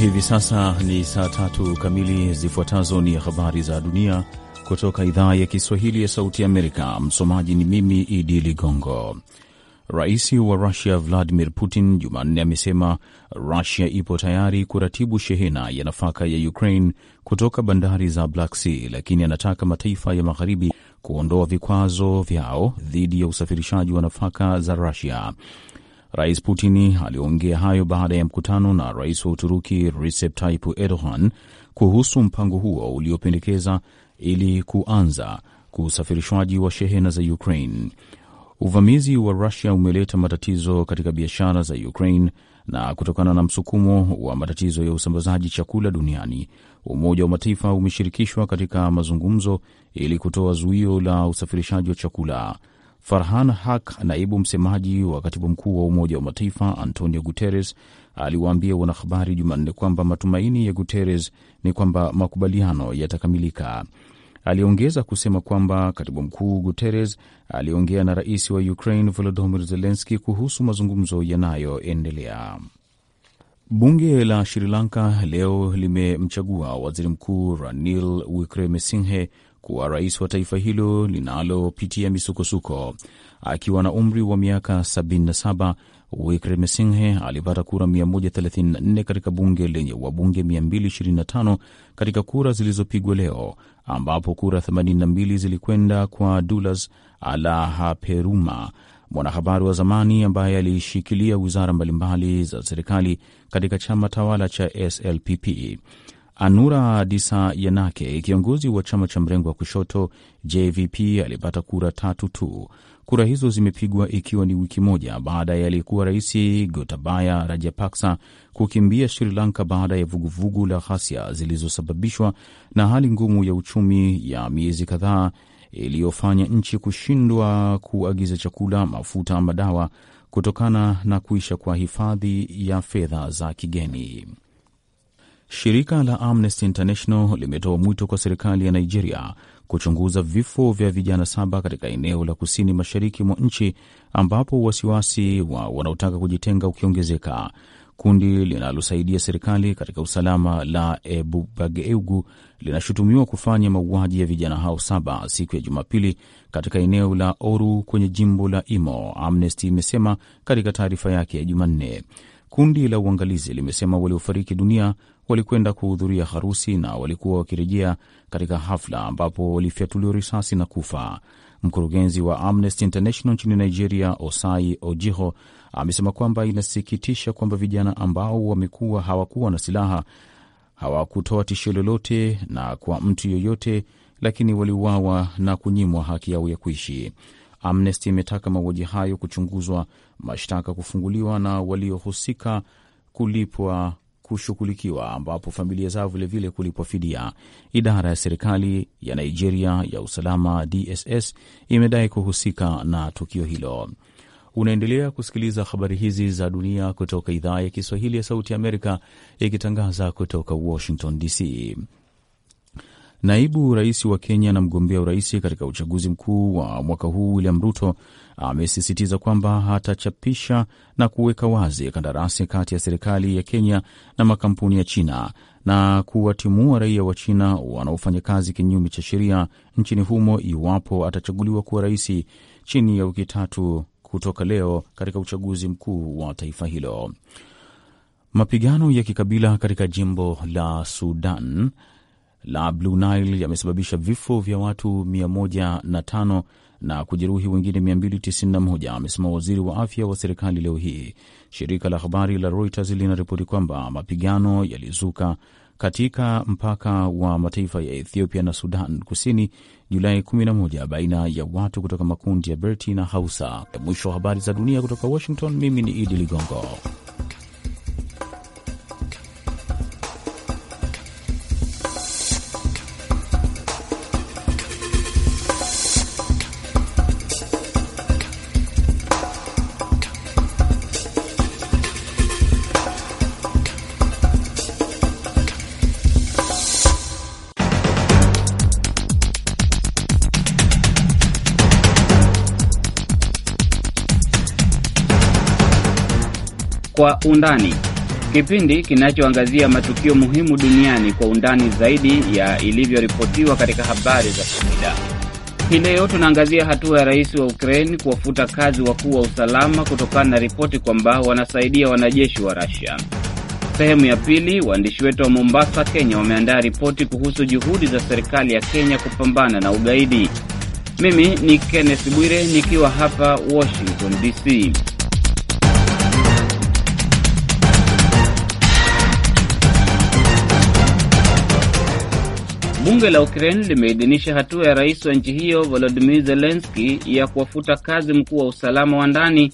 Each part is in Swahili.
Hivi sasa ni saa tatu kamili. Zifuatazo ni habari za dunia kutoka idhaa ya Kiswahili ya Sauti Amerika. Msomaji ni mimi Idi Ligongo. Rais wa Rusia Vladimir Putin Jumanne amesema Rusia ipo tayari kuratibu shehena ya nafaka ya Ukraine kutoka bandari za Black Sea, lakini anataka mataifa ya magharibi kuondoa vikwazo vyao dhidi ya usafirishaji wa nafaka za Rusia. Rais Putin aliongea hayo baada ya mkutano na rais wa Uturuki Recep Tayyip Erdogan kuhusu mpango huo uliopendekeza ili kuanza kusafirishwaji wa shehena za Ukraine. Uvamizi wa Rusia umeleta matatizo katika biashara za Ukraine na kutokana na msukumo wa matatizo ya usambazaji chakula duniani, Umoja wa Mataifa umeshirikishwa katika mazungumzo ili kutoa zuio la usafirishaji wa chakula. Farhan Haq, naibu msemaji wa katibu mkuu wa Umoja wa Mataifa Antonio Guterres, aliwaambia wanahabari Jumanne kwamba matumaini ya Guterres ni kwamba makubaliano yatakamilika. Aliongeza kusema kwamba katibu mkuu Guterres aliongea na rais wa Ukraine Volodymyr Zelensky kuhusu mazungumzo yanayoendelea. Bunge la Sri Lanka leo limemchagua waziri mkuu Ranil Wickremesinghe kuwa rais wa taifa hilo linalopitia misukosuko. Akiwa na umri wa miaka 77, Wickremesinghe alipata kura 134 katika bunge lenye wabunge 225 katika kura zilizopigwa leo, ambapo kura 82 zilikwenda kwa Dulas Alahaperuma, mwanahabari wa zamani ambaye alishikilia wizara mbalimbali za serikali katika chama tawala cha SLPP. Anura disa yanake kiongozi wa chama cha mrengo wa kushoto JVP, alipata kura tatu tu. Kura hizo zimepigwa ikiwa ni wiki moja baada ya aliyekuwa rais Gotabaya Rajapaksa kukimbia Sri Lanka baada ya vuguvugu la ghasia zilizosababishwa na hali ngumu ya uchumi ya miezi kadhaa iliyofanya nchi kushindwa kuagiza chakula, mafuta ama dawa kutokana na kuisha kwa hifadhi ya fedha za kigeni. Shirika la Amnesty International limetoa mwito kwa serikali ya Nigeria kuchunguza vifo vya vijana saba katika eneo la kusini mashariki mwa nchi ambapo wasiwasi wa wanaotaka kujitenga ukiongezeka. Kundi linalosaidia serikali katika usalama la Ebubageugu linashutumiwa kufanya mauaji ya vijana hao saba siku ya Jumapili katika eneo la Oru kwenye jimbo la Imo, Amnesty imesema katika taarifa yake ya Jumanne. Kundi la uangalizi limesema waliofariki dunia walikwenda kuhudhuria harusi na walikuwa wakirejea katika hafla ambapo walifyatuliwa risasi na kufa. Mkurugenzi wa Amnesty International nchini Nigeria, Osai Ojiho, amesema kwamba inasikitisha kwamba vijana ambao wamekuwa hawakuwa na silaha hawakutoa tishio lolote na kwa mtu yoyote, lakini waliuawa na kunyimwa haki yao ya kuishi. Amnesty imetaka mauaji hayo kuchunguzwa, mashtaka kufunguliwa na waliohusika kulipwa kushughulikiwa, ambapo familia zao vilevile kulipwa fidia. Idara ya serikali ya Nigeria ya usalama DSS imedai kuhusika na tukio hilo. Unaendelea kusikiliza habari hizi za dunia kutoka idhaa ya Kiswahili ya Sauti ya Amerika, ikitangaza kutoka Washington DC. Naibu rais wa Kenya na mgombea urais katika uchaguzi mkuu wa mwaka huu William Ruto amesisitiza kwamba atachapisha na kuweka wazi kandarasi kati ya serikali ya Kenya na makampuni ya China na kuwatimua raia wa China wanaofanya kazi kinyume cha sheria nchini humo iwapo atachaguliwa kuwa rais chini ya wiki tatu kutoka leo katika uchaguzi mkuu wa taifa hilo. Mapigano ya kikabila katika jimbo la Sudan la Blue Nile yamesababisha vifo vya watu 105 na kujeruhi wengine 291, amesema waziri wa afya wa serikali leo hii. Shirika la habari la Reuters linaripoti kwamba mapigano yalizuka katika mpaka wa mataifa ya Ethiopia na Sudan Kusini Julai 11 baina ya watu kutoka makundi ya Berti na Hausa. Mwisho wa habari za dunia kutoka Washington. Mimi ni Idi Ligongo. Kwa Undani, kipindi kinachoangazia matukio muhimu duniani kwa undani zaidi ya ilivyoripotiwa katika habari za kawaida. Hii leo tunaangazia hatua ya rais wa Ukraini kuwafuta kazi wakuu wa usalama kutokana na ripoti kwamba wanasaidia wanajeshi wa Rasia. Sehemu ya pili, waandishi wetu wa Mombasa, Kenya wameandaa ripoti kuhusu juhudi za serikali ya Kenya kupambana na ugaidi. Mimi ni Kenneth Bwire nikiwa hapa Washington DC. Bunge la Ukraine limeidhinisha hatua ya rais wa nchi hiyo volodimir zelenski ya kuwafuta kazi mkuu wa usalama wa ndani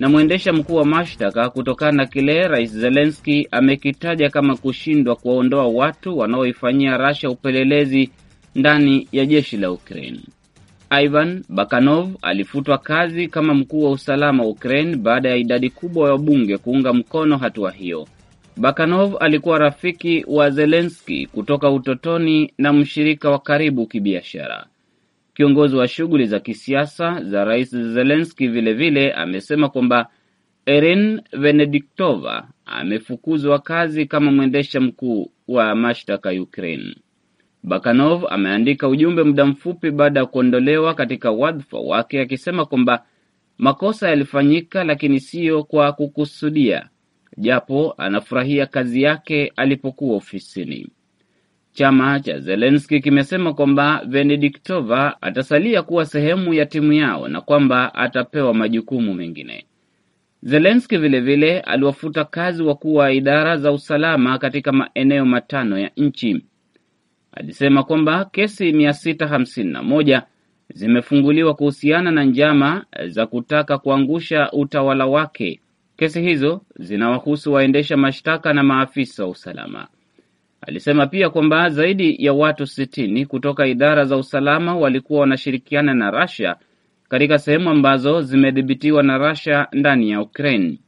na mwendesha mkuu wa mashtaka kutokana na kile rais zelenski amekitaja kama kushindwa kuwaondoa watu wanaoifanyia rasha upelelezi ndani ya jeshi la Ukraine. Ivan Bakanov alifutwa kazi kama mkuu wa usalama wa Ukraine baada ya idadi kubwa ya wabunge kuunga mkono hatua hiyo. Bakanov alikuwa rafiki wa Zelenski kutoka utotoni na mshirika wa karibu kibiashara. Kiongozi wa shughuli za kisiasa za Rais Zelenski vilevile amesema kwamba Erin Venediktova amefukuzwa kazi kama mwendesha mkuu wa mashtaka Ukraine. Bakanov ameandika ujumbe muda mfupi baada ya kuondolewa katika wadhifa wake akisema kwamba makosa yalifanyika, lakini siyo kwa kukusudia japo anafurahia kazi yake alipokuwa ofisini. Chama cha Zelenski kimesema kwamba Venediktova atasalia kuwa sehemu ya timu yao na kwamba atapewa majukumu mengine. Zelenski vilevile aliwafuta kazi wakuu wa idara za usalama katika maeneo matano ya nchi. Alisema kwamba kesi 651 zimefunguliwa kuhusiana na njama za kutaka kuangusha utawala wake Kesi hizo zinawahusu waendesha mashtaka na maafisa wa usalama. Alisema pia kwamba zaidi ya watu 60 kutoka idara za usalama walikuwa wanashirikiana na Russia katika sehemu ambazo zimedhibitiwa na Russia ndani ya Ukraine.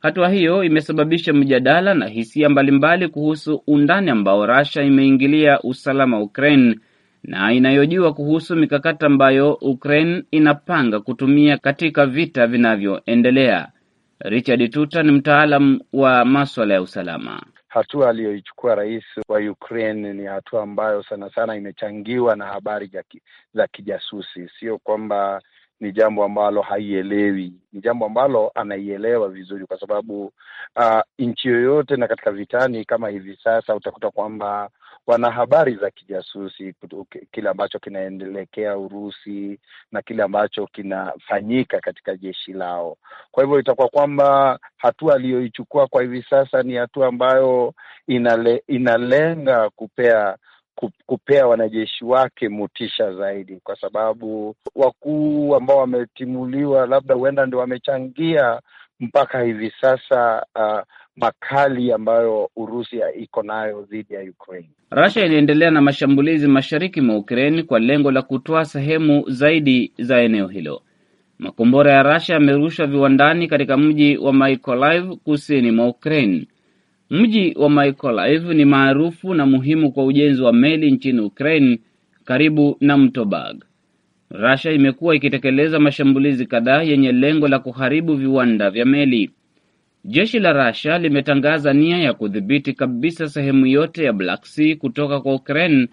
Hatua hiyo imesababisha mjadala na hisia mbalimbali kuhusu undani ambao Russia imeingilia usalama wa Ukraine na inayojua kuhusu mikakati ambayo Ukraine inapanga kutumia katika vita vinavyoendelea. Richard Tuta ni mtaalam wa maswala ya usalama. Hatua aliyoichukua rais wa Ukraine ni hatua ambayo sana sana imechangiwa na habari za kijasusi, sio kwamba ni jambo ambalo haielewi, ni jambo ambalo anaielewa vizuri, kwa sababu uh, nchi yoyote na katika vitani kama hivi sasa utakuta kwamba wana habari za kijasusi, kile ambacho kinaendelekea Urusi na kile ambacho kinafanyika katika jeshi lao. Kwa hivyo itakuwa kwamba hatua aliyoichukua kwa hivi sasa ni hatua ambayo inale, inalenga kupea kupea wanajeshi wake motisha zaidi, kwa sababu wakuu ambao wametimuliwa labda huenda ndio wamechangia mpaka hivi sasa uh, makali ambayo Urusi iko nayo dhidi ya Ukraine. Russia inaendelea na mashambulizi mashariki mwa Ukraine kwa lengo la kutoa sehemu zaidi za eneo hilo. Makombora ya Russia yamerushwa viwandani katika mji wa Mykolaiv kusini mwa Ukraine. Mji wa Mykolaiv ni maarufu na muhimu kwa ujenzi wa meli nchini Ukraine karibu na mto Bag. Russia imekuwa ikitekeleza mashambulizi kadhaa yenye lengo la kuharibu viwanda vya meli. Jeshi la Russia limetangaza nia ya kudhibiti kabisa sehemu yote ya Black Sea kutoka kwa Ukraine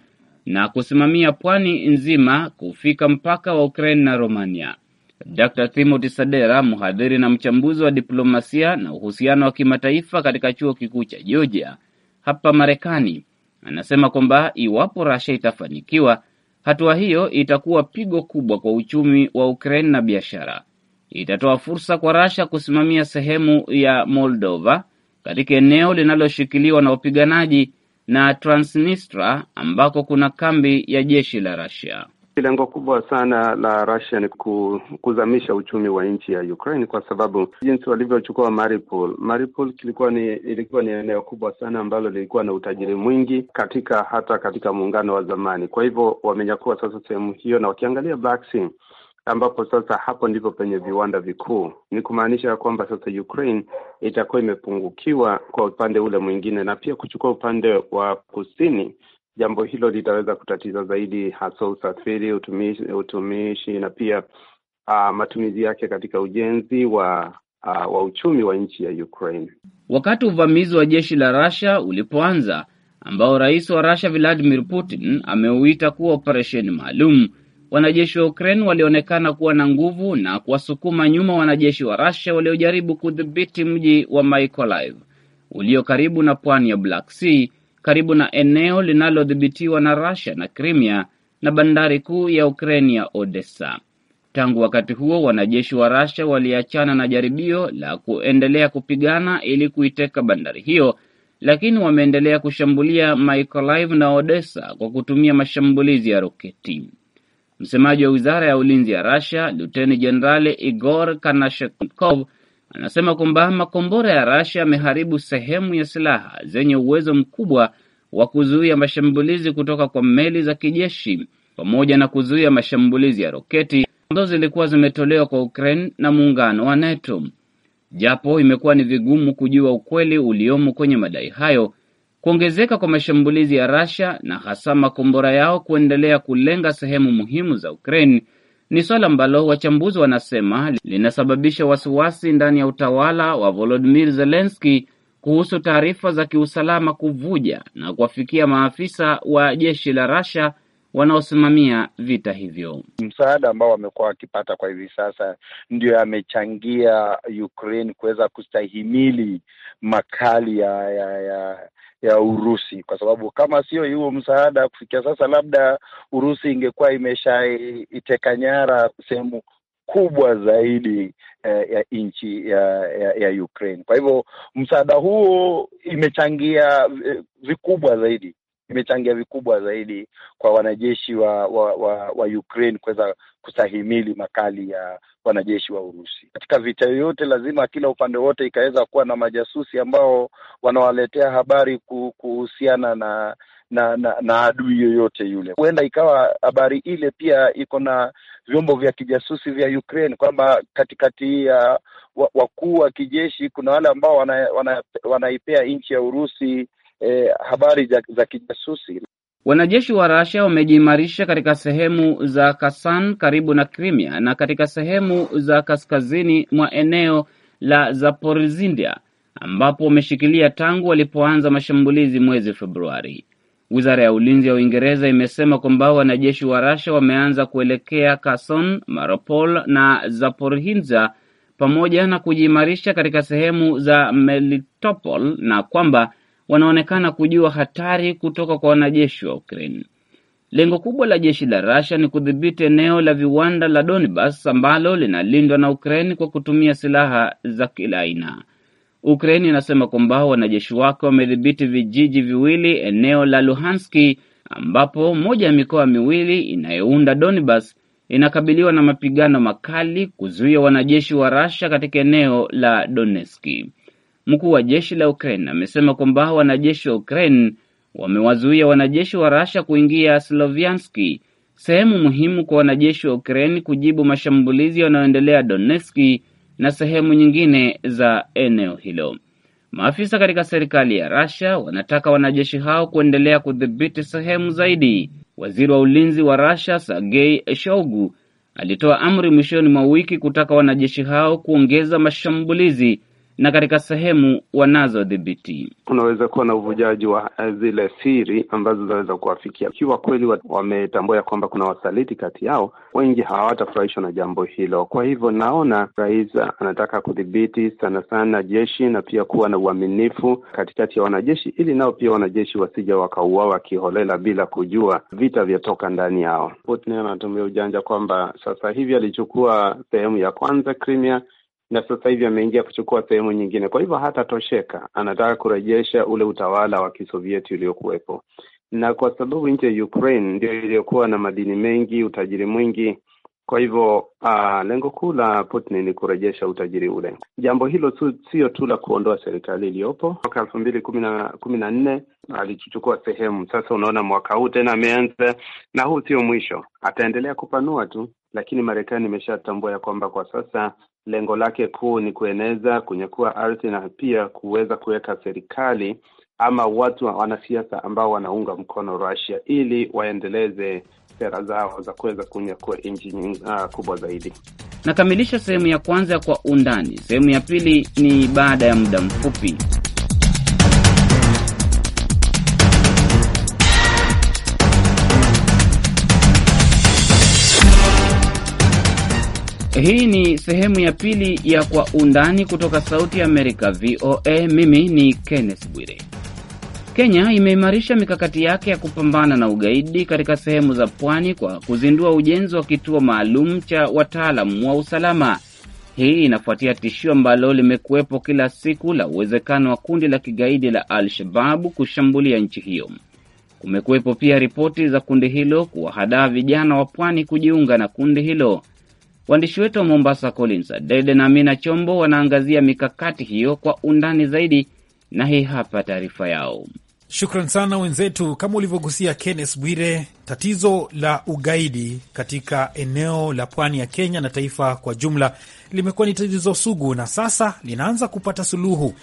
na kusimamia pwani nzima kufika mpaka wa Ukraine na Romania. Dr. Timothy Sadera, mhadhiri na mchambuzi wa diplomasia na uhusiano wa kimataifa katika chuo kikuu cha Georgia hapa Marekani, anasema kwamba iwapo Russia itafanikiwa, hatua hiyo itakuwa pigo kubwa kwa uchumi wa Ukraine na biashara itatoa fursa kwa Rasha kusimamia sehemu ya Moldova katika eneo linaloshikiliwa na wapiganaji na Transnistria ambako kuna kambi ya jeshi la Rasia. Lengo kubwa sana la Russia ni kuzamisha uchumi wa nchi ya Ukraine kwa sababu jinsi walivyochukua Mariupol. Mariupol kilikuwa ni ilikuwa ni eneo kubwa sana ambalo lilikuwa na utajiri mwingi katika hata katika muungano wa zamani. Kwa hivyo wamenyakua sasa sehemu hiyo, na wakiangalia Black Sea ambapo sasa hapo ndipo penye viwanda vikuu. Ni kumaanisha kwamba sasa Ukraine itakuwa imepungukiwa kwa upande ule mwingine, na pia kuchukua upande wa kusini. Jambo hilo litaweza kutatiza zaidi, hasa usafiri, utumishi, utumishi na pia uh, matumizi yake katika ujenzi wa uh, wa uchumi wa nchi ya Ukraine. Wakati uvamizi wa jeshi la Russia ulipoanza, ambao rais wa Russia Vladimir Putin ameuita kuwa operesheni maalum Wanajeshi wa Ukraine walionekana kuwa na nguvu na kuwasukuma nyuma wanajeshi wa Russia waliojaribu kudhibiti mji wa Mykolaiv ulio karibu na pwani ya Black Sea, karibu na eneo linalodhibitiwa na Russia na Crimea na bandari kuu ya Ukraine ya Odessa. Tangu wakati huo, wanajeshi wa Russia waliachana na jaribio la kuendelea kupigana ili kuiteka bandari hiyo, lakini wameendelea kushambulia Mykolaiv na Odessa kwa kutumia mashambulizi ya roketi. Msemaji wa wizara ya ulinzi ya Russia, luteni jenerali Igor kanashekov anasema kwamba makombora ya Russia yameharibu sehemu ya silaha zenye uwezo mkubwa wa kuzuia mashambulizi kutoka kwa meli za kijeshi pamoja na kuzuia mashambulizi ya roketi ambazo zilikuwa zimetolewa kwa Ukraine na muungano wa NATO. Japo imekuwa ni vigumu kujua ukweli uliomo kwenye madai hayo, Kuongezeka kwa mashambulizi ya Russia na hasa makombora yao kuendelea kulenga sehemu muhimu za Ukraine ni swala ambalo wachambuzi wanasema linasababisha wasiwasi ndani ya utawala wa Volodymyr Zelensky kuhusu taarifa za kiusalama kuvuja na kuwafikia maafisa wa jeshi la Russia wanaosimamia vita hivyo. Msaada ambao wamekuwa wakipata kwa hivi sasa ndio yamechangia Ukraine kuweza kustahimili makali ya, ya, ya ya Urusi, kwa sababu kama sio hiyo msaada kufikia sasa, labda Urusi ingekuwa imeshaiteka nyara sehemu kubwa zaidi eh, ya nchi ya, ya, ya Ukraine. Kwa hivyo msaada huo imechangia eh, vikubwa zaidi imechangia vikubwa zaidi kwa wanajeshi wa wa, wa, wa Ukraine kuweza kustahimili makali ya wanajeshi wa Urusi. Katika vita yoyote, lazima kila upande wote ikaweza kuwa na majasusi ambao wanawaletea habari kuhusiana na na, na na adui yoyote yule. Huenda ikawa habari ile pia iko na vyombo vya kijasusi vya Ukraine kwamba katikati ya wakuu wa kijeshi kuna wale ambao wanaipea wana, wana nchi ya Urusi eh, habari za, za kijasusi. Wanajeshi wa Russia wamejiimarisha katika sehemu za Kasan karibu na Crimea na katika sehemu za kaskazini mwa eneo la Zaporizhzhia ambapo wameshikilia tangu walipoanza mashambulizi mwezi Februari. Wizara ya ulinzi ya Uingereza imesema kwamba wanajeshi wa Rasha wameanza kuelekea Kherson, Mariupol na Zaporizhzhia pamoja na kujiimarisha katika sehemu za Melitopol na kwamba wanaonekana kujua hatari kutoka kwa wanajeshi wa Ukraine. Lengo kubwa la jeshi la Russia ni kudhibiti eneo la viwanda la Donbas ambalo linalindwa na Ukraine kwa kutumia silaha za kila aina. Ukraine inasema kwamba wanajeshi wake wamedhibiti vijiji viwili eneo la Luhanski ambapo moja ya mikoa miwili inayounda Donbas inakabiliwa na mapigano makali kuzuia wanajeshi wa Russia katika eneo la Donetsk. Mkuu wa jeshi la Ukraine amesema kwamba wanajeshi wa Ukraine wamewazuia wanajeshi wa Rasha kuingia Slovianski, sehemu muhimu kwa wanajeshi wa Ukraine kujibu mashambulizi yanayoendelea Donetski na sehemu nyingine za eneo hilo. Maafisa katika serikali ya Russia wanataka wanajeshi hao kuendelea kudhibiti sehemu zaidi. Waziri wa ulinzi wa Rasha Sergei Shoigu alitoa amri mwishoni mwa wiki kutaka wanajeshi hao kuongeza mashambulizi na katika sehemu wanazodhibiti kunaweza kuwa na uvujaji wa eh, zile siri ambazo zinaweza kuwafikia. Ikiwa kweli wametambua ya kwamba kuna wasaliti kati yao, wengi hawatafurahishwa na jambo hilo. Kwa hivyo, naona rais anataka kudhibiti sana sana jeshi na pia kuwa na uaminifu katikati ya wanajeshi, ili nao pia wanajeshi wasija wakauawa kiholela bila kujua vita vyatoka ndani yao. Putin anatumia ujanja kwamba sasa hivi alichukua sehemu ya kwanza na sasa hivi ameingia kuchukua sehemu nyingine. Kwa hivyo hatatosheka, anataka kurejesha ule utawala wa kisovieti uliokuwepo, na kwa sababu nchi ya Ukraine ndio iliyokuwa na madini mengi, utajiri mwingi kwa hivyo uh, lengo kuu la Putin ni kurejesha utajiri ule. Jambo hilo sio tu la kuondoa serikali iliyopo. Mwaka elfu mbili kumi na nne alichukua sehemu, sasa unaona mwaka huu tena ameanza, na huu sio mwisho, ataendelea kupanua tu, lakini Marekani imeshatambua ya kwamba kwa sasa lengo lake kuu ni kueneza, kunyakua ardhi na pia kuweza kuweka serikali ama watu wanasiasa ambao wanaunga mkono Russia ili waendeleze sera zao za kuweza kunyakua nchi uh, kubwa zaidi. Nakamilisha sehemu ya kwanza kwa undani. Sehemu ya pili ni baada ya muda mfupi. Hii ni sehemu ya pili ya Kwa Undani kutoka Sauti ya Amerika, VOA. Mimi ni Kenneth Bwire. Kenya imeimarisha mikakati yake ya kupambana na ugaidi katika sehemu za pwani kwa kuzindua ujenzi wa kituo maalum cha wataalam wa usalama. Hii inafuatia tishio ambalo limekuwepo kila siku la uwezekano wa kundi la kigaidi la Al-Shababu kushambulia nchi hiyo. Kumekuwepo pia ripoti za kundi hilo kuwahadaa vijana wa pwani kujiunga na kundi hilo. Waandishi wetu wa Mombasa, Collins Adede na Amina Chombo, wanaangazia mikakati hiyo kwa undani zaidi na hii hapa taarifa yao. Shukran sana wenzetu. Kama ulivyogusia Kenneth Bwire, tatizo la ugaidi katika eneo la pwani ya Kenya na taifa kwa jumla limekuwa ni tatizo sugu, na sasa linaanza kupata suluhu.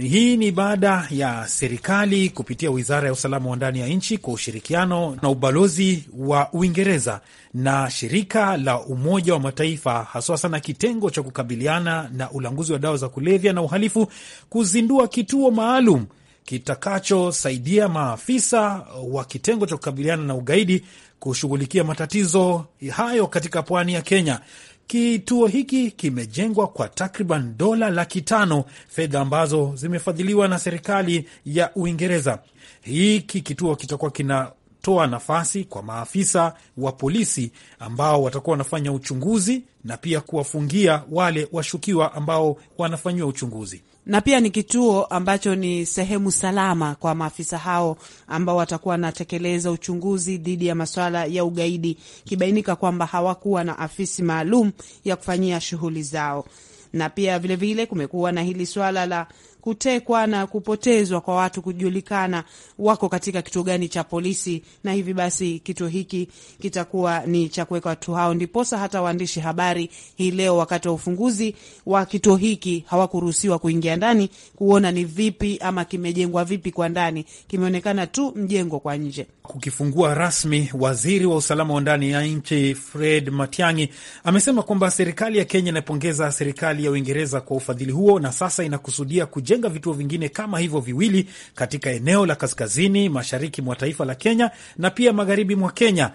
Hii ni baada ya serikali kupitia wizara ya usalama wa ndani ya nchi kwa ushirikiano na ubalozi wa Uingereza na shirika la Umoja wa Mataifa haswa sana kitengo cha kukabiliana na ulanguzi wa dawa za kulevya na uhalifu kuzindua kituo maalum kitakachosaidia maafisa wa kitengo cha kukabiliana na ugaidi kushughulikia matatizo hayo katika pwani ya Kenya. Kituo hiki kimejengwa kwa takriban dola laki tano, fedha ambazo zimefadhiliwa na serikali ya Uingereza. Hiki kituo kitakuwa kina toa nafasi kwa maafisa wa polisi ambao watakuwa wanafanya uchunguzi na pia kuwafungia wale washukiwa ambao wanafanyiwa uchunguzi na pia ni kituo ambacho ni sehemu salama kwa maafisa hao ambao watakuwa wanatekeleza uchunguzi dhidi ya masuala ya ugaidi, kibainika kwamba hawakuwa na afisi maalum ya kufanyia shughuli zao. Na pia vilevile kumekuwa na hili swala la kutekwa na kupotezwa kwa watu kujulikana wako katika kituo gani cha polisi, na hivi basi kituo hiki kitakuwa ni cha kuweka watu hao. Ndiposa hata waandishi habari hii leo wakati wa ufunguzi wa kituo hiki hawakuruhusiwa kuingia ndani kuona ni vipi ama kimejengwa vipi kwa ndani, kimeonekana tu mjengo kwa nje. Kukifungua rasmi, waziri wa usalama wa ndani ya nchi Fred Matiang'i amesema kwamba serikali ya Kenya inapongeza serikali ya Uingereza kwa ufadhili huo na sasa inakusudia kuj kujenga vituo vingine kama hivyo viwili katika eneo la kaskazini mashariki mwa taifa la Kenya na pia magharibi mwa Kenya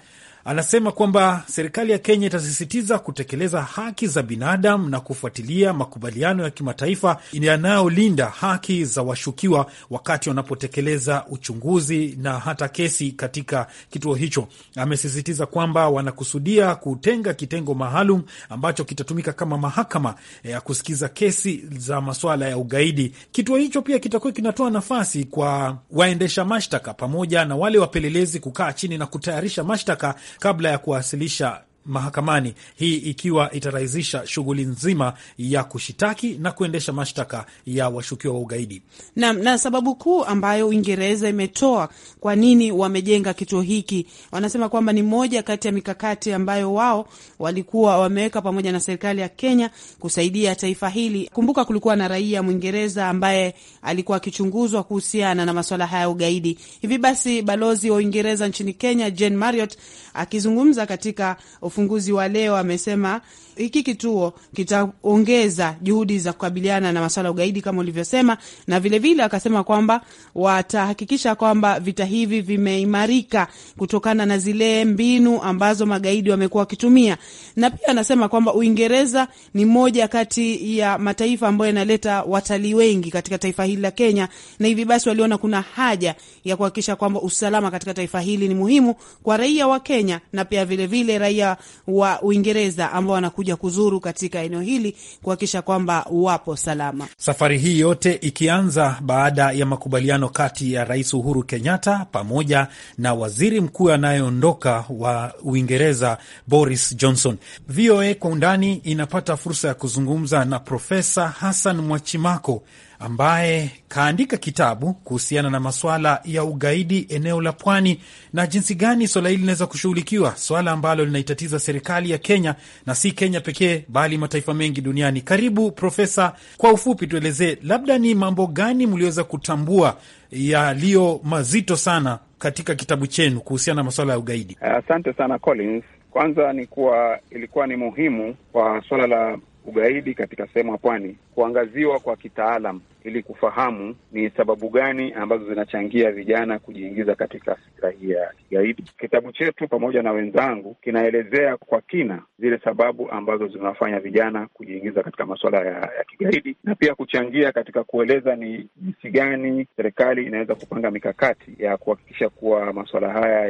Anasema kwamba serikali ya Kenya itasisitiza kutekeleza haki za binadamu na kufuatilia makubaliano ya kimataifa yanayolinda haki za washukiwa wakati wanapotekeleza uchunguzi na hata kesi katika kituo hicho. Amesisitiza kwamba wanakusudia kutenga kitengo maalum ambacho kitatumika kama mahakama eh, ya kusikiza kesi za masuala ya ugaidi. Kituo hicho pia kitakuwa kinatoa nafasi kwa waendesha mashtaka pamoja na wale wapelelezi kukaa chini na kutayarisha mashtaka kabla ya kuwasilisha mahakamani, hii ikiwa itarahisisha shughuli nzima ya kushitaki na kuendesha mashtaka ya washukiwa wa ugaidi. Na, na sababu kuu ambayo Uingereza imetoa kwa nini wamejenga kituo hiki, wanasema kwamba ni moja kati ya mikakati ambayo wao walikuwa wameweka pamoja na serikali ya Kenya kusaidia taifa hili. Kumbuka kulikuwa na raia Mwingereza ambaye alikuwa akichunguzwa kuhusiana na maswala haya ya ugaidi. Hivi basi balozi wa Uingereza nchini Kenya Jane Marriott akizungumza katika ufunguzi wa leo amesema hiki kituo kitaongeza juhudi za kukabiliana na masuala ya ugaidi kama ulivyosema, na vilevile vile akasema kwamba watahakikisha kwamba vita hivi vimeimarika kutokana na zile mbinu ambazo magaidi wamekuwa wakitumia, na pia anasema kwamba Uingereza ni moja kati ya mataifa ambayo yanaleta watalii wengi katika taifa hili la Kenya, na hivi basi waliona kuna haja ya kuhakikisha kwamba usalama katika taifa hili ni muhimu kwa raia wa Kenya na pia vilevile vile raia wa Uingereza ambao wanakuja kuzuru katika eneo hili kuhakikisha kwamba wapo salama. Safari hii yote ikianza baada ya makubaliano kati ya Rais Uhuru Kenyatta pamoja na waziri mkuu anayeondoka wa Uingereza Boris Johnson. VOA kwa undani inapata fursa ya kuzungumza na Profesa Hassan Mwachimako ambaye kaandika kitabu kuhusiana na maswala ya ugaidi eneo la pwani na jinsi gani swala hili linaweza kushughulikiwa, swala ambalo linaitatiza serikali ya Kenya na si Kenya pekee, bali mataifa mengi duniani. Karibu Profesa, kwa ufupi tuelezee labda ni mambo gani mliweza kutambua yaliyo mazito sana katika kitabu chenu kuhusiana na maswala ya ugaidi. Asante uh, sana Collins. Kwanza ni kuwa ilikuwa ni muhimu kwa swala la ugaidi katika sehemu ya pwani kuangaziwa kwa kitaalam ili kufahamu ni sababu gani ambazo zinachangia vijana kujiingiza katika fikra hii ya kigaidi. Kitabu chetu pamoja na wenzangu kinaelezea kwa kina zile sababu ambazo zinawafanya vijana kujiingiza katika masuala ya, ya kigaidi na pia kuchangia katika kueleza ni jinsi gani serikali inaweza kupanga mikakati ya kuhakikisha kuwa masuala haya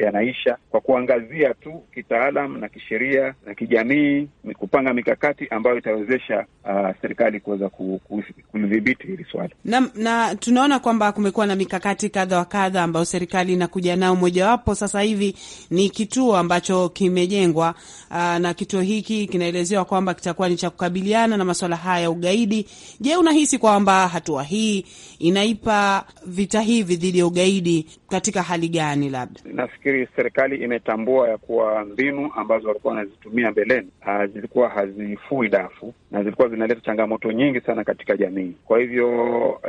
yanaisha ya, ya, ya kwa kuangazia tu kitaalam na kisheria na kijamii, kupanga mikakati ambayo itawezesha uh, serikali kuweza ku, kulidhibiti hili swala na, na tunaona kwamba kumekuwa na mikakati kadha wa kadha ambayo serikali inakuja nao. Mojawapo sasa hivi ni kituo ambacho kimejengwa ah, na kituo hiki kinaelezewa kwamba kitakuwa ni cha kukabiliana na maswala haya ya ugaidi. Je, unahisi kwamba hatua hii inaipa vita hivi dhidi ya ugaidi katika hali gani? Labda nafikiri serikali imetambua ya kuwa mbinu ambazo walikuwa wanazitumia mbeleni ah, zilikuwa hazifui dafu na zilikuwa zinaleta changamoto nyingi sana katika jamii jamii. Kwa hivyo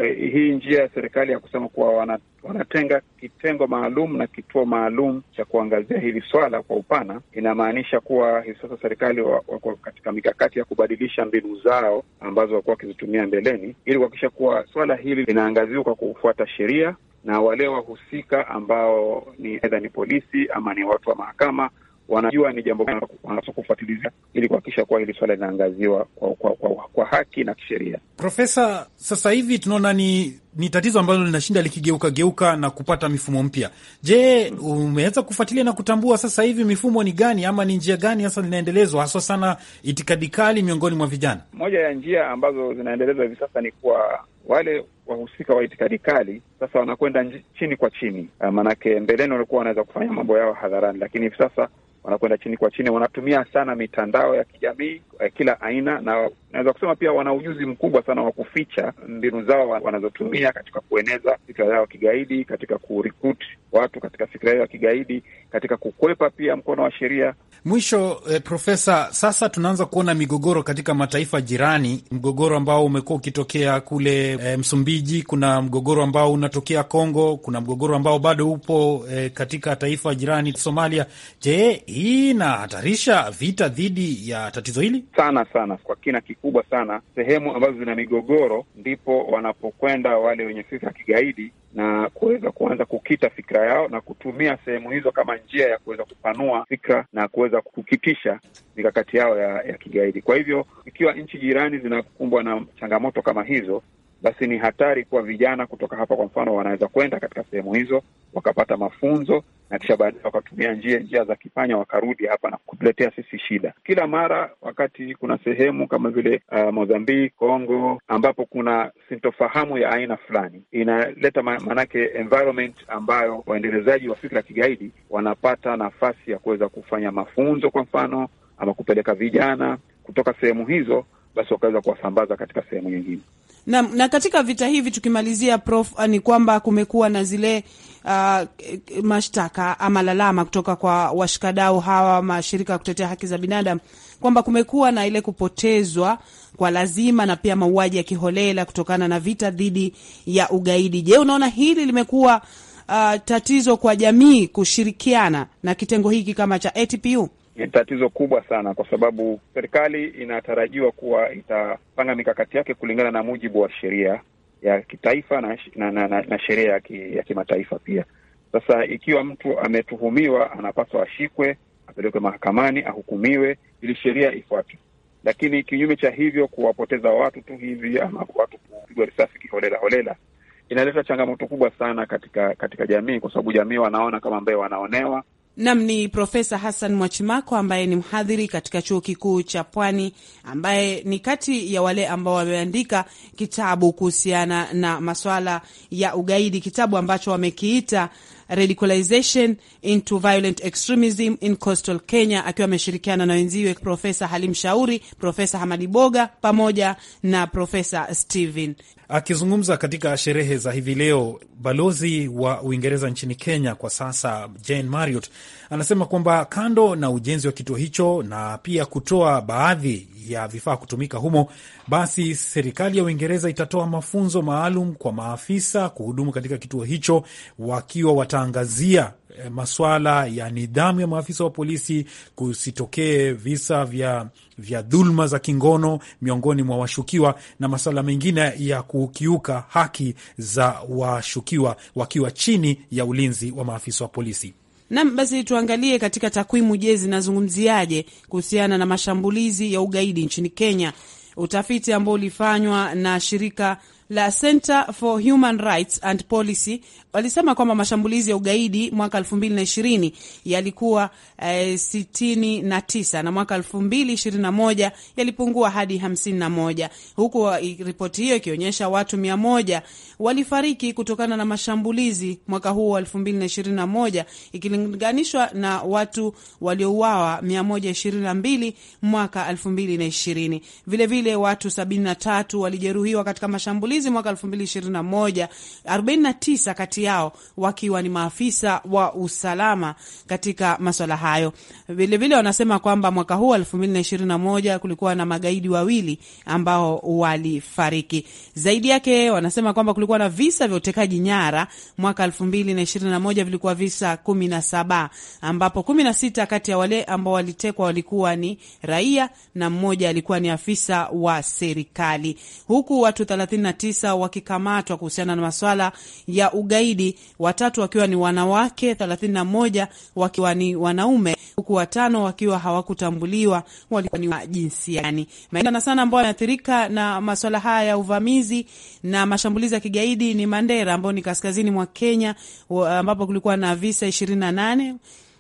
eh, hii njia ya serikali ya kusema kuwa wana, wanatenga kitengo maalum na kituo maalum cha kuangazia hili swala kwa upana, inamaanisha kuwa hivi sasa serikali wako katika mikakati ya kubadilisha mbinu zao ambazo wakuwa wakizitumia mbeleni, ili kuhakikisha kuwa swala hili linaangaziwa kwa kufuata sheria na wale wahusika ambao ni aidha ni polisi ama ni watu wa mahakama wanajua ni jambo gani wanapaswa kufuatilizia ili kuhakikisha kuwa hili swala linaangaziwa kwa, kwa, kwa, kwa haki na kisheria. Profesa, sasa hivi tunaona ni ni tatizo ambalo linashinda likigeuka geuka na kupata mifumo mpya. Je, umeweza kufuatilia na kutambua sasa hivi mifumo ni gani ama ni njia gani hasa linaendelezwa haswa sana itikadi kali miongoni mwa vijana? Moja ya njia ambazo zinaendelezwa hivi sasa ni kuwa wale wahusika wa itikadi kali sasa wanakwenda chini kwa chini. Ah, maanake mbeleni walikuwa wanaweza kufanya mambo yao hadharani, lakini hivi sasa wanakwenda chini kwa chini, wanatumia sana mitandao ya kijamii ya eh, kila aina, na naweza kusema pia wana ujuzi mkubwa sana wa kuficha mbinu zao wanazotumia katika kueneza fikra yao kigaidi, katika kurikuti watu katika fikira yao ya kigaidi, katika kukwepa pia mkono wa sheria. Mwisho eh, Profesa, sasa tunaanza kuona migogoro katika mataifa jirani, mgogoro ambao umekuwa ukitokea kule eh, Msumbiji, kuna mgogoro ambao unatokea Kongo, kuna mgogoro ambao bado upo eh, katika taifa jirani Somalia. Je, hii inahatarisha vita dhidi ya tatizo hili sana sana, kwa kina kikubwa sana. Sehemu ambazo zina migogoro ndipo wanapokwenda wale wenye sifa kigaidi na kuweza kuanza kukita fikra yao na kutumia sehemu hizo kama njia ya kuweza kupanua fikra na kuweza kukitisha mikakati yao ya, ya kigaidi. Kwa hivyo ikiwa nchi jirani zinakumbwa na changamoto kama hizo, basi ni hatari kuwa vijana kutoka hapa, kwa mfano, wanaweza kwenda katika sehemu hizo wakapata mafunzo na kisha baadaye wakatumia njia njia za kipanya wakarudi hapa na kutuletea sisi shida kila mara. Wakati kuna sehemu kama vile uh, Mozambique, Congo ambapo kuna sintofahamu ya aina fulani inaleta maanake environment ambayo waendelezaji wa fikra kigaidi wanapata nafasi ya kuweza kufanya mafunzo kwa mfano, ama kupeleka vijana kutoka sehemu hizo, basi wakaweza kuwasambaza katika sehemu nyingine. Na, na katika vita hivi tukimalizia, Prof, ah, ni kwamba kumekuwa na zile uh, mashtaka ama lalama kutoka kwa washikadau hawa mashirika ya kutetea haki za binadamu kwamba kumekuwa na ile kupotezwa kwa lazima na pia mauaji ya kiholela kutokana na vita dhidi ya ugaidi. Je, unaona hili limekuwa uh, tatizo kwa jamii kushirikiana na kitengo hiki kama cha ATPU? ni tatizo kubwa sana, kwa sababu serikali inatarajiwa kuwa itapanga mikakati yake kulingana na mujibu wa sheria ya kitaifa na, na, na, na, na sheria ya, ki, ya kimataifa pia. Sasa ikiwa mtu ametuhumiwa, anapaswa ashikwe, apelekwe mahakamani, ahukumiwe ili sheria ifuatwe. Lakini kinyume cha hivyo, kuwapoteza watu tu hivi ama watu kupigwa risasi kiholela holela inaleta changamoto kubwa sana katika katika jamii, kwa sababu jamii wanaona kama ambaye wanaonewa Nam ni Profesa Hassan Mwachimako ambaye ni mhadhiri katika chuo kikuu cha Pwani, ambaye ni kati ya wale ambao wameandika kitabu kuhusiana na maswala ya ugaidi, kitabu ambacho wamekiita radicalization into violent extremism in coastal Kenya, akiwa ameshirikiana na wenziwe Profesa Halim Shauri, Profesa Hamadi Boga pamoja na Profesa stehen Akizungumza katika sherehe za hivi leo, balozi wa Uingereza nchini Kenya kwa sasa Jane Marriott Anasema kwamba kando na ujenzi wa kituo hicho na pia kutoa baadhi ya vifaa kutumika humo, basi serikali ya Uingereza itatoa mafunzo maalum kwa maafisa kuhudumu katika kituo hicho, wakiwa wataangazia eh, maswala ya nidhamu ya maafisa wa polisi, kusitokee visa vya, vya dhuluma za kingono miongoni mwa washukiwa na masuala mengine ya kukiuka haki za washukiwa wakiwa chini ya ulinzi wa maafisa wa polisi. Nam, basi tuangalie katika takwimu. Je, zinazungumziaje kuhusiana na mashambulizi ya ugaidi nchini Kenya? Utafiti ambao ulifanywa na shirika la Center for Human Rights and Policy walisema kwamba mashambulizi ya ugaidi mwaka 2020 yalikuwa eh, 69 na mwaka 2021 yalipungua hadi 51, huku eh, ripoti hiyo ikionyesha watu 100 walifariki kutokana na mashambulizi mwaka huu wa 2021 ikilinganishwa na watu waliouawa 122 mwaka 2020. Vilevile vile watu 73 walijeruhiwa katika mashambulizi wakimbizi mwaka 2021, 49 kati yao wakiwa ni maafisa wa usalama katika maswala hayo. Vilevile wanasema kwamba mwaka huu 2021 kulikuwa na magaidi wawili ambao walifariki. Zaidi yake wanasema kwamba kulikuwa na visa vya utekaji nyara mwaka 2021, vilikuwa visa 17 ambapo 16 kati ya wale ambao walitekwa walikuwa ni raia na mmoja alikuwa ni afisa wa serikali, huku watu 39 tisa wakikamatwa kuhusiana na maswala ya ugaidi, watatu wakiwa ni wanawake, thelathini na moja wakiwa ni wanaume, huku watano wakiwa hawakutambuliwa walikuwa ni wa jinsia gani. Maana sana ambao yanaathirika na maswala haya ya uvamizi na mashambulizi ya kigaidi ni Mandera ambao ni kaskazini mwa Kenya, ambapo kulikuwa na visa ishirini na nane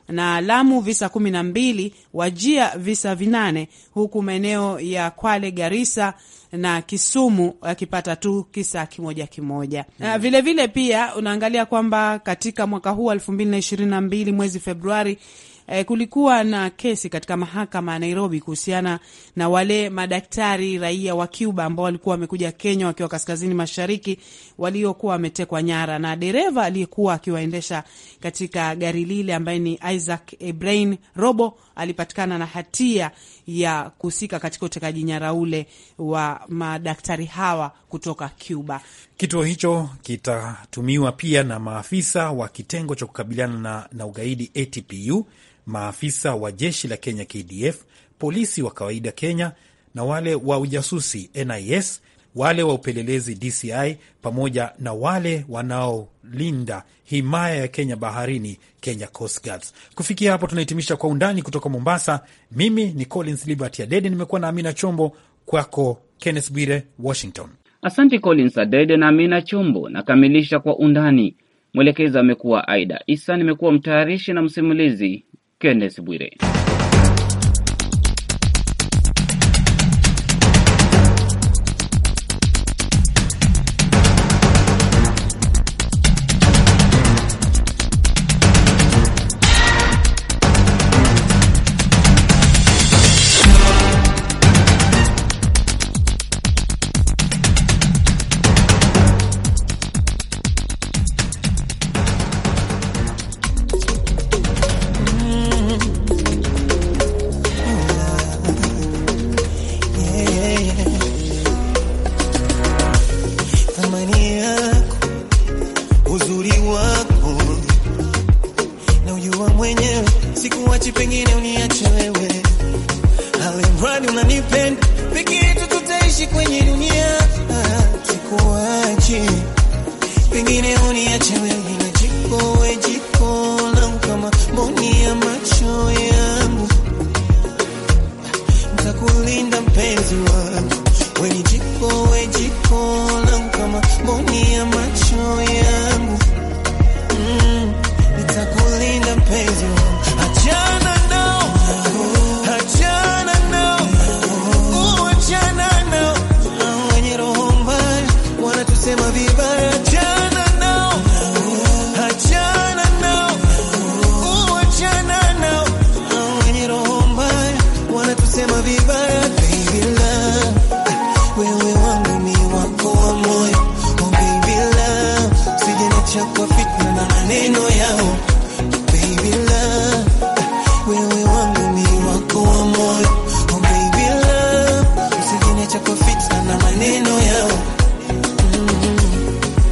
na Lamu visa kumi na mbili, Wajia visa vinane, huku maeneo ya Kwale, Garissa na Kisumu akipata tu kisa kimoja kimoja. Vilevile hmm. ah, vile pia unaangalia kwamba katika mwaka huu elfu mbili na ishirini na mbili mwezi Februari eh, kulikuwa na kesi katika mahakama ya Nairobi kuhusiana na wale madaktari raia wa Cuba ambao walikuwa wamekuja Kenya wakiwa kaskazini mashariki waliokuwa wametekwa nyara na dereva aliyekuwa akiwaendesha katika gari lile ambaye ni Isaac Ebrain Robo alipatikana na hatia ya kuhusika katika utekaji nyara ule wa madaktari hawa kutoka Cuba. Kituo hicho kitatumiwa pia na maafisa wa kitengo cha kukabiliana na, na ugaidi ATPU, maafisa wa jeshi la Kenya KDF, polisi wa kawaida Kenya na wale wa ujasusi NIS wale wa upelelezi DCI pamoja na wale wanaolinda himaya ya Kenya baharini, Kenya Coast Guards. Kufikia hapo tunahitimisha Kwa Undani kutoka Mombasa. Mimi ni Collins Liberty Adede, nimekuwa na Amina Chombo. Kwako Kenneth Bwire, Washington. Asante Collins Adede na Amina Chombo. Nakamilisha Kwa Undani. Mwelekezi amekuwa Aida Isa, nimekuwa mtayarishi na msimulizi Kenneth Bwire.